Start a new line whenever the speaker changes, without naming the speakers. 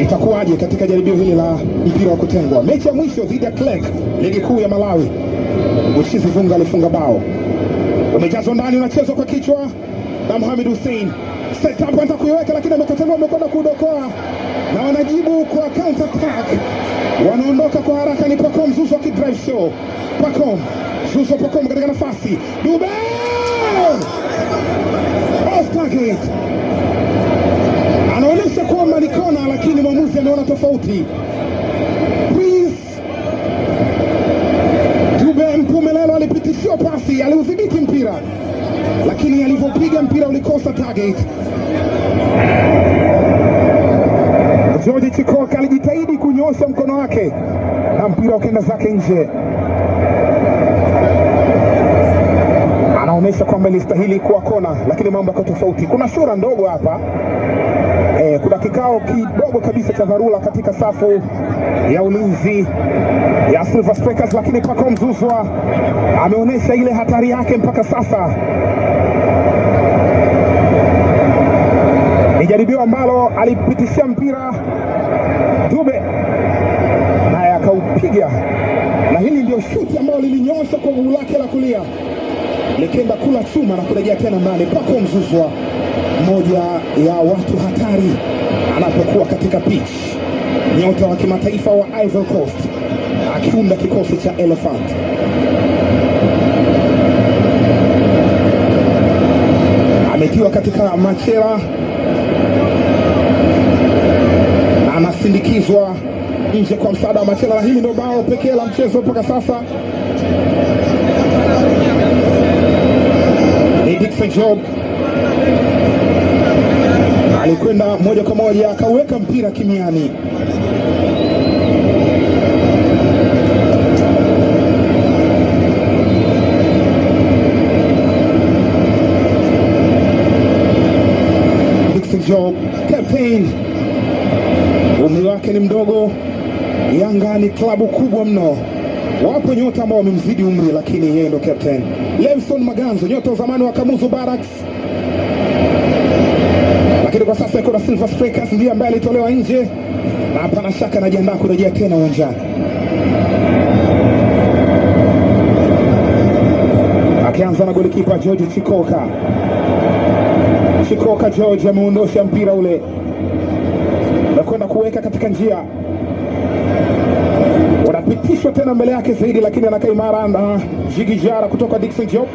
itakuwaje katika jaribio hili la mpira wa kutengwa? Mechi ya mwisho dhidi ya Klek, ligi kuu ya Malawi, Bushizi Vunga alifunga bao, umejazwa ndani, unachezwa kwa kichwa na Mohamed Hussein. Setup anza kuiweka, lakini amekataliwa, amekwenda kudokoa na wanajibu kwa counter attack, wanaondoka kwa haraka. Ni Pacom Zuzo akidrive show, Pacom Zuzo, Pacom katika nafasi Dube off target ameona tofauti. Prince Dube Mpumelelo alipitishiwa pasi, aliudhibiti mpira, lakini alivyopiga mpira ulikosa target. George Chikoka alijitahidi kunyosha mkono wake na mpira ukaenda zake nje. ikaonyesha kwamba ilistahili kuwa kona, lakini mambo yako tofauti. Kuna shura ndogo hapa e, kuna kikao kidogo kabisa cha dharura katika safu ya ulinzi ya Silver Strikers, lakini Pako Mzuzwa ameonyesha ile hatari yake mpaka sasa. Ni jaribio ambalo alipitishia mpira Dube naye akaupiga na hili ndio shuti ambayo lilinyosha kwa guu lake la kulia likenda kula chuma na kurejea tena ndani Pako Mzuzwa, mmoja ya watu hatari anapokuwa katika pitch, nyota wa kimataifa wa Ivory Coast akiunda kikosi cha Elephant. Ametiwa katika machela anasindikizwa nje kwa msaada wa Machela, na hili ndio bao pekee la mchezo mpaka sasa. Ni Dickson Job alikwenda moja kwa moja akaweka mpira kimiani. Dickson Job captain ni mdogo. Yanga ni klabu kubwa mno, wapo nyota ambao wamemzidi umri, lakini yeye ndo captain. Levison Maganzo, nyota wa zamani wa Kamuzu Barracks, lakini kwa sasa kuna Silver Strikers, ndiye ambaye alitolewa nje na hapana shaka anajiandaa kurejea tena uwanjani. Akianza na golikipa George Chikoka. Chikoka George ameondosha mpira ule na kwenda kuweka katika njia, wanapitishwa tena mbele yake zaidi, lakini anakaa imara na Jigijara kutoka Dixon Job